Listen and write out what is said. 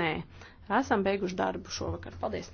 nē. Esam beiguši darbu šovakar. Paldies!